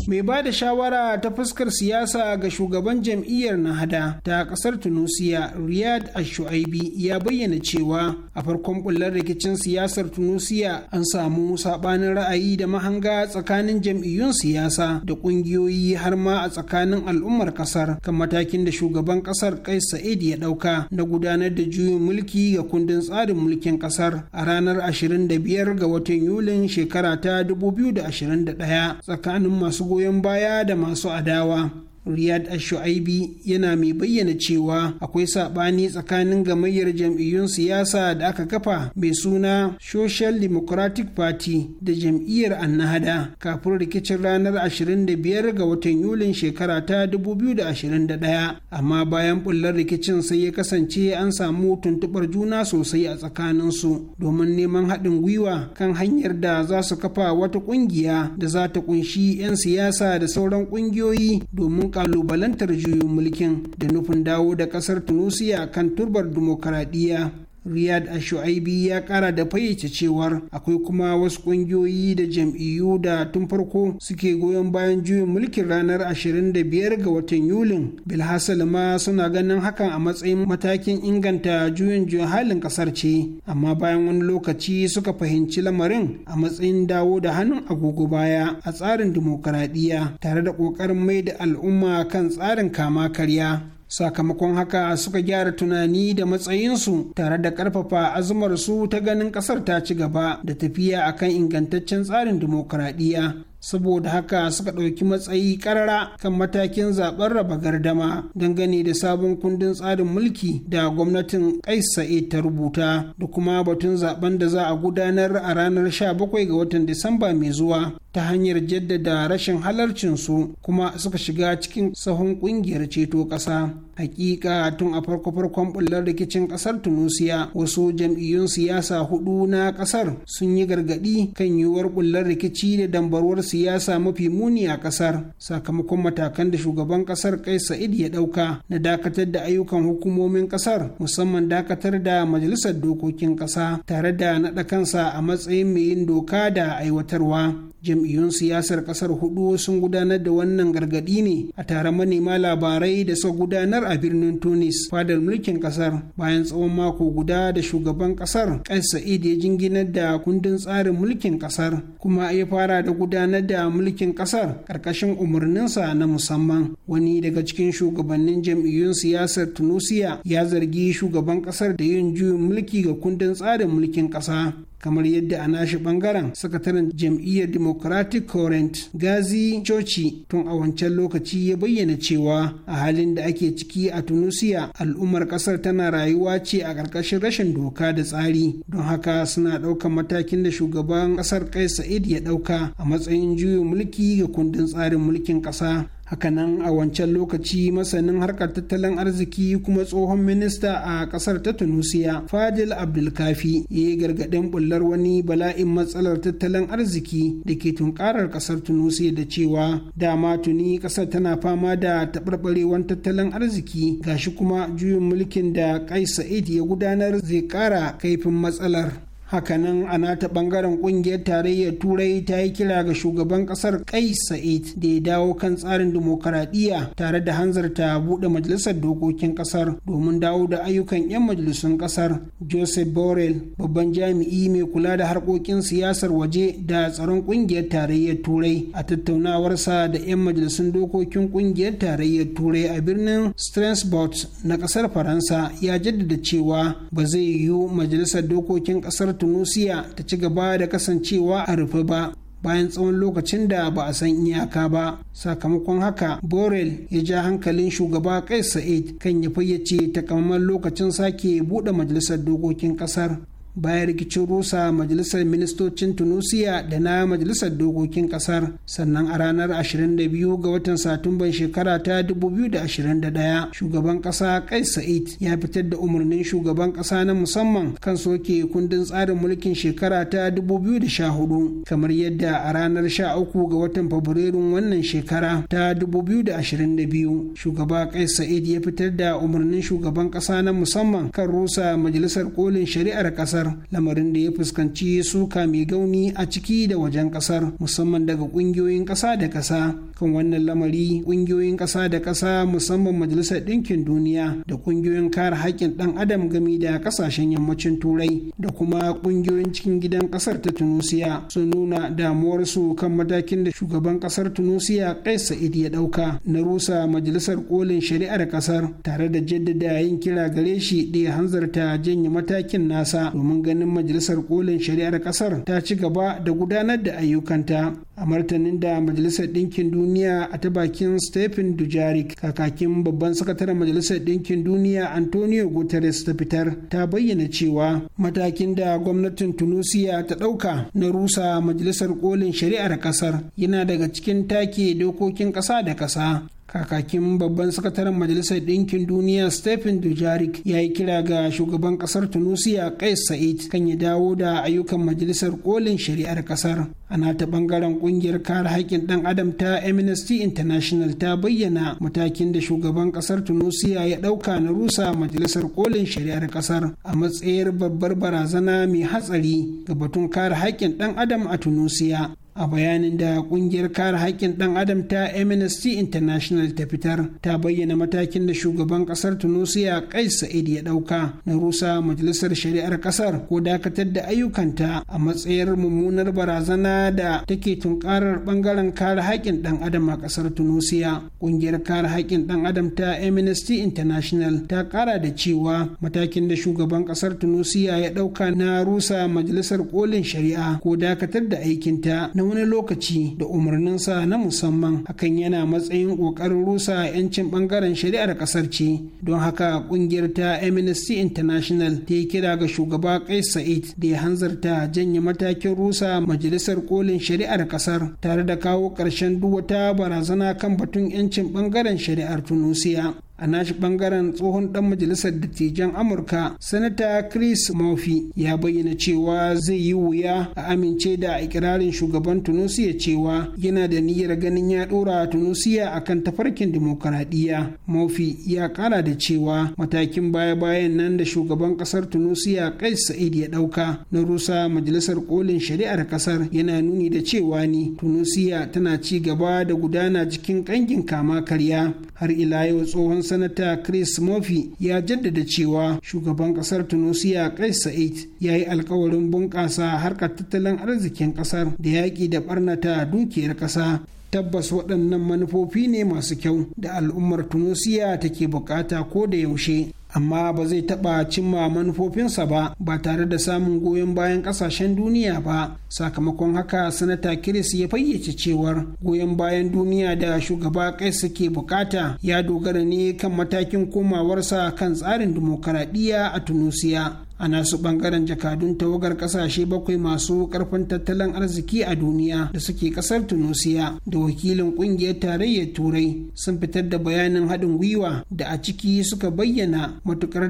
mai ba da shawara ta fuskar siyasa ga shugaban jam'iyyar nahada ta kasar tunusiya riyad ashu'aibi ya bayyana cewa a farkon bullar rikicin siyasar tunusiya an samu sabanin ra'ayi da mahanga tsakanin jam'iyyun siyasa da kungiyoyi har ma a tsakanin al'ummar kasar kan matakin da shugaban kasar kais sa'id ya dauka na gudanar da juyin mulki ga kundin tsarin mulkin kasar a ranar 25 ga watan yulin shekara ta 2021 tsakanin masu goyon baya da masu adawa Riyad Ashu'aibi yana mai bayyana cewa akwai saɓani tsakanin gamayyar jam'iyyun siyasa da aka kafa mai suna Social Democratic Party da jam'iyyar Annahada kafin rikicin ranar 25 ga watan Yulin shekara ta 2021 amma bayan bullar rikicin sai ya kasance an samu tuntuɓar juna sosai a tsakaninsu domin neman haɗin gwiwa kan hanyar da za su kafa wata ƙungiya da za ta ƙunshi 'yan siyasa da sauran ƙungiyoyi domin kalubalantar juyin mulkin da nufin dawo da kasar tunisia kan turbar dimokuraɗiyya Riyad Ashu'aibi ya kara da fayyace cewar akwai kuma wasu ƙungiyoyi da jam'iyyu da tun farko suke goyon bayan juyin mulkin ranar 25 ga watan Yulin. Bilhassan ma suna ganin hakan a matsayin matakin inganta juyin juyin halin kasar ce, amma bayan wani lokaci suka fahimci lamarin a matsayin dawo da hannun agogo baya a tsarin dimokuraɗiyya tare da ƙoƙarin mai da al'umma kan tsarin kama karya. sakamakon haka suka gyara tunani da matsayinsu tare da ƙarfafa azumarsu ta ganin kasar ta ci gaba da tafiya akan ingantaccen tsarin dimokuraɗiyya saboda haka suka ɗauki matsayi ƙarara kan matakin zaɓen raba gardama dangane da sabon kundin tsarin mulki da gwamnatin kais sa'id ta rubuta da kuma batun zaɓen da za a gudanar a ranar 17 ga watan disamba mai zuwa ta hanyar jaddada rashin halarcinsu kuma suka shiga cikin sahun ƙungiyar ceto ƙasa hakika tun a farko farkon bullar rikicin ƙasar tunusiya wasu jam'iyyun siyasa hudu na ƙasar sun yi gargaɗi kan yiwuwar bullar rikici da dambarwar siyasa mafi muni a kasar sakamakon matakan da shugaban kasar kai sa'id ya dauka na dakatar da ayyukan hukumomin kasar musamman dakatar da majalisar dokokin kasa tare da naɗa kansa a matsayin mai yin doka da aiwatarwa jam'iyyun siyasar kasar hudu sun gudanar da wannan gargadi ne a tare manema labarai da suka gudanar a birnin tunis fadar mulkin kasar bayan tsawon mako guda da shugaban kasar kais sa'id ya jinginar da kundin tsarin mulkin kasar kuma ya fara da gudanar da mulkin kasar karkashin umarninsa na musamman wani daga cikin shugabannin jam'iyyun siyasar tunusiya ya zargi shugaban kasar da yin juyin mulki ga kundin tsarin mulkin kasa kamar yadda a nashi bangaren sakataren jam'iyyar democratic current gazi coci tun a wancan lokaci ya bayyana cewa a halin da ake ciki a tunisia al'ummar kasar tana rayuwa ce a ƙarƙashin rashin doka da tsari don haka suna ɗaukar matakin da shugaban ƙasar kai sa'id ya ɗauka a matsayin juyin mulki ga kundin tsarin mulkin ƙasa hakanan a wancan lokaci masanin harkar tattalin arziki kuma tsohon minista a kasar ta tunusiya fadil abdulkafi ya yi gargaɗin bullar wani bala'in matsalar tattalin arziki da ke tunkarar kasar tunusiya da cewa dama tuni kasar tana fama da taɓarɓarewar tattalin arziki ga shi kuma juyin mulkin da kai sa'id ya gudanar zai ƙara kaifin matsalar hakanan a nata bangaren kungiyar tarayyar turai ta yi kira ga shugaban kasar kai sa'id da ya dawo kan tsarin demokaradiyya tare da hanzarta buɗe majalisar dokokin kasar domin dawo da ayyukan 'yan majalisun kasar joseph borrell babban jami'i mai kula da harkokin siyasar waje da tsaron kungiyar tarayyar turai a tattaunawarsa da 'yan majalisun dokokin kungiyar tarayyar turai a birnin strasbourg na kasar faransa ya jaddada cewa ba zai yiwu majalisar dokokin kasar tunisia ta ci gaba da kasancewa a rufe ba bayan tsawon lokacin da ba a san iyaka ba sakamakon haka borel ya ja hankalin shugaba kai sa'id kan ya fayyace takamaiman lokacin sake buɗe majalisar dokokin ƙasar bayan rikicin rusa majalisar ministocin tunisia da na majalisar dokokin kasar sannan a ranar 22 ga watan satumban shekara ta 2021 shugaban kasa kai sa'id ya fitar da umarnin shugaban kasa na musamman kan soke kundin tsarin mulkin shekara ta 2014 kamar yadda a ranar 13 ga watan fabrairun wannan shekara ta 2022 shugaba kai sa'id ya fitar da umarnin shugaban kasa na musamman kan rusa majalisar kolin shari'ar kasar kasar lamarin da ya fuskanci suka mai gauni a ciki da wajen kasar musamman daga kungiyoyin kasa da kasa kan wannan lamari kungiyoyin kasa da kasa musamman majalisar ɗinkin duniya da kungiyoyin kare haƙƙin ɗan adam gami da kasashen yammacin turai da kuma kungiyoyin cikin gidan kasar ta tunusiya sun nuna damuwarsu kan matakin da shugaban kasar tunusiya kai sa'id ya ɗauka na rusa majalisar kolin shari'ar kasar tare da jaddada yin kira gare shi da ya hanzarta janye matakin nasa domin domin ganin majalisar kolin shari'ar kasar ta ci gaba da gudanar da ayyukanta a martanin da majalisar ɗinkin duniya a ta bakin stephen dujarik kakakin babban sakataren majalisar ɗinkin duniya antonio guterres ta fitar ta bayyana cewa matakin da gwamnatin tunisia ta ɗauka na rusa majalisar kolin shari'ar kasar yana daga cikin take dokokin ƙasa da ƙasa kakakin babban sakataren majalisar ɗinkin duniya stephen dujarik ya yi kira ga shugaban ƙasar tunisia kais sa'id kan ya dawo da ayyukan majalisar kolin shari'ar ƙasar a nata ɓangaren ƙungiyar kare haƙƙin ɗan adam ta amnesty international ta bayyana matakin da shugaban ƙasar tunisia ya ɗauka na rusa majalisar kolin shari'ar ƙasar a matsayar babbar barazana mai hatsari ga batun kare haƙƙin ɗan adam a tunisia a bayanin da kungiyar kare haƙƙin ɗan adam ta amnesty international ta fitar ta bayyana matakin da shugaban ƙasar tunisia kai sa'id ya ɗauka na rusa majalisar shari'ar ƙasar ko dakatar da ayyukanta a matsayar mummunar barazana da take tunkarar ɓangaren kare haƙƙin ɗan adam a ƙasar tunisia kungiyar kare haƙƙin ɗan adam ta amnesty international ta ƙara da cewa matakin da shugaban ƙasar tunisia ya ɗauka na rusa majalisar kolin shari'a ko dakatar da aikinta na wani lokaci da umarninsa na musamman hakan yana matsayin kokarin rusa 'yancin bangaren shari'ar kasar ce don haka kungiyar ta amnesty international ta yi kira ga shugaba kais sa'id da ya hanzarta janye matakin rusa majalisar kolin shari'ar kasar tare da kawo ƙarshen duk wata barazana kan batun 'yancin bangaren shari'ar tunusiya a nashi bangaren tsohon dan majalisar dattijan amurka sanata chris murphy ya bayyana cewa zai yi wuya a amince da ikirarin shugaban tunisia cewa yana da niyyar ganin ya dora tunisia akan tafarkin dimokuraɗiyya murphy ya kara da cewa matakin baya-bayan nan da shugaban kasar tunisia kais sa'id ya dauka na rusa majalisar kolin shari'ar kasar yana nuni da cewa ne tunisia tana ci gaba da gudana cikin kangin kama karya har ila yau tsohon sanata chris murphy ya jaddada cewa shugaban kasar tunisia kais sa'id ya yi alkawarin bunƙasa harkar tattalin arzikin kasar da yaƙi da ɓarnata dukiyar ƙasa tabbas waɗannan manufofi ne masu kyau da al'ummar tunisia take buƙata ko da yaushe amma ba zai taɓa cimma manufofinsa ba ba tare da samun goyon bayan ƙasashen duniya ba sakamakon haka sanata kiris ya fayyace cewar goyon bayan duniya da shugaba kai suke bukata ya dogara ne kan matakin komawarsa kan tsarin dimokuraɗiyya a tunusiya a nasu bangaren jakadun tawagar kasashe bakwai masu karfin tattalin arziki a duniya da suke kasar tunisia da wakilin kungiyar tarayyar turai sun fitar da bayanin haɗin gwiwa da a ciki suka bayyana matukar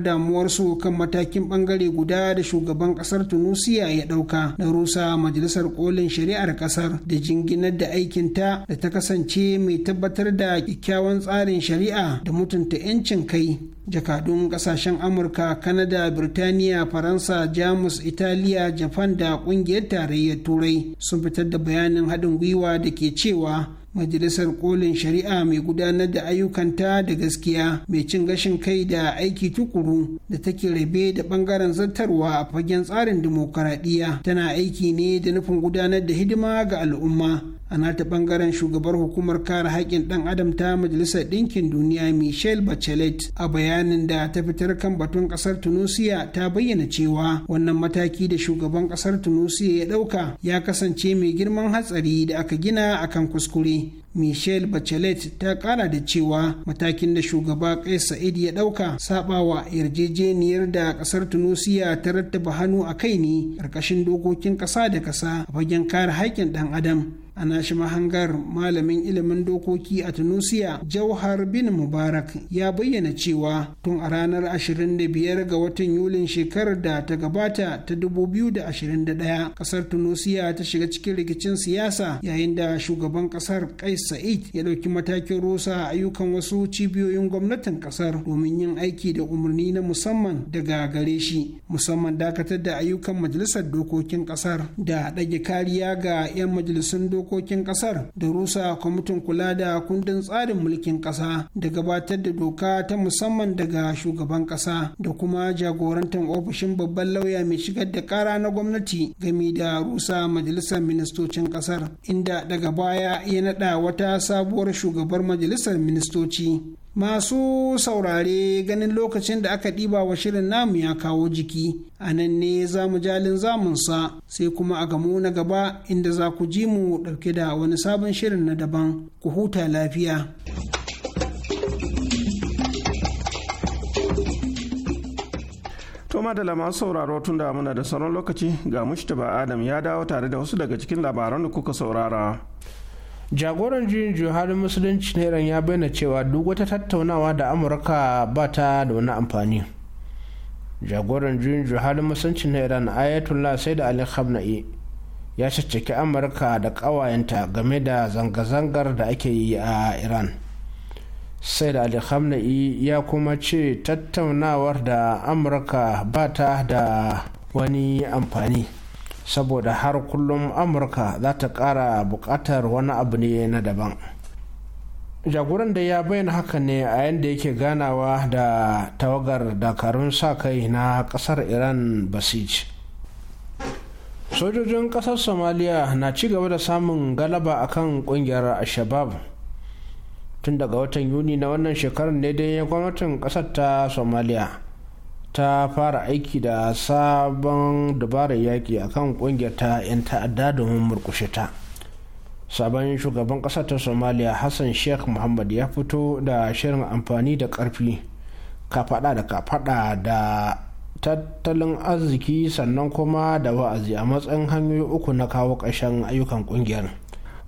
su kan matakin bangare guda da shugaban kasar tunisia ya ɗauka na rusa majalisar kolin shari'ar kasar da jinginar da aikin ta da ta kasance mai tabbatar da kyakkyawan tsarin shari'a da mutunta 'yancin kai jakadun kasashen amurka kanada birtaniya faransa jamus italiya japan da kungiyar tarayyar turai sun fitar da bayanin haɗin gwiwa da ke cewa majalisar kolin shari'a mai gudanar da ayyukanta da gaskiya mai cin gashin kai da aiki tukuru da take rabe da bangaren zartarwa a fagen tsarin dimokuraɗiyya tana aiki ne da nufin gudanar da hidima ga al'umma a nata bangaren shugabar hukumar kare haƙƙin ɗan adam ta majalisar ɗinkin duniya michelle bachelet a bayanin da ta fitar kan batun ƙasar tunusiya ta bayyana cewa wannan mataki da shugaban ƙasar tunusiya ya ɗauka ya kasance mai girman hatsari da aka gina akan kuskure michelle bachelet ta kara da cewa matakin da shugaba kais sa'id ya dauka sabawa yarjejeniyar da kasar tunisia ta rattaba hannu a kai ne karkashin dokokin kasa da kasa a fagen kare haƙƙin dan adam a nashi mahangar malamin ilimin dokoki a tunisia jauhar bin mubarak ya bayyana cewa tun a ranar 25 ga watan yulin shekarar da ta gabata ta 2021 kasar tunisia ta shiga cikin rikicin siyasa yayin da shugaban kasar kais sa'id ya ɗauki matakin rusa ayyukan wasu cibiyoyin gwamnatin kasar domin yin aiki da umarni na musamman daga gare shi musamman dakatar da ayyukan majalisar dokokin kasar da ɗage kariya ga 'yan majalisun dokokin dokokin kasar da rusa kwamitin kula da kundin tsarin mulkin kasa da gabatar da doka ta musamman daga shugaban kasa da kuma jagorantar ofishin babban lauya mai shigar da kara na gwamnati game da rusa majalisar ministocin kasar inda daga baya ya naɗa wata sabuwar shugabar majalisar ministoci Masu saurare ganin lokacin da aka ɗiba wa shirin namu ya kawo jiki, a nan ne za mu jalin zamunsa sai kuma a gamu na gaba inda za ku ji mu ɗauke da wani sabon shirin na daban, ku huta lafiya. To da masu sauraro tun da muna da sauran lokaci ga mushtaba Adam ya dawo tare da wasu daga cikin labaran da kuka saurara. jagoran juyin halin musulunci na iran ya bayyana cewa duk wata tattaunawa da amurka ba ta da wani amfani jagoran juyin halin musulunci na iran ayatollah sai da ali khamna'i ya caccaki amurka da ƙawayenta game da zanga-zangar da ake yi a iran sai da ali khamna'i ya kuma ce tattaunawar da amurka ba ta da wani amfani. saboda har kullum amurka za ta ƙara buƙatar wani abu ne na daban jagoran da ya bayyana haka ne a yadda yake ganawa da tawagar dakarun sa-kai na ƙasar iran basij sojojin kasar somaliya na ci gaba da samun galaba akan ƙungiyar shabab tun daga watan yuni na wannan shekarar ne dai gwamnatin ƙasar ta somaliya ta fara aiki da sabon dabarar yaƙi a kan ƙungiyar ta 'yan ta'adda domin murkushe ta sabon shugaban ƙasar ta somaliya hassan sheikh muhammad ya fito da shirin amfani da ƙarfi kafaɗa da kafaɗa da tattalin arziki sannan kuma da wa'azi a matsayin hanyoyi uku na kawo ƙarshen ayyukan ƙungiyar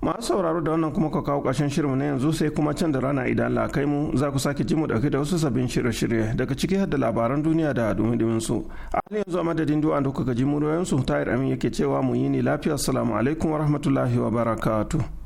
masu sauraro da wannan kuma ka kawo ƙarshen shirinmu na yanzu sai kuma can da rana idan lakai mu za ku sake ji mu dauke da wasu sabbin shirye-shirye daga ciki har da labaran duniya da dumi su a halin yanzu a madadin du'a da kuka ji muryoyin su tayar amin yake cewa mu yi ni lafiya assalamu alaikum wa rahmatullahi wa barakatu.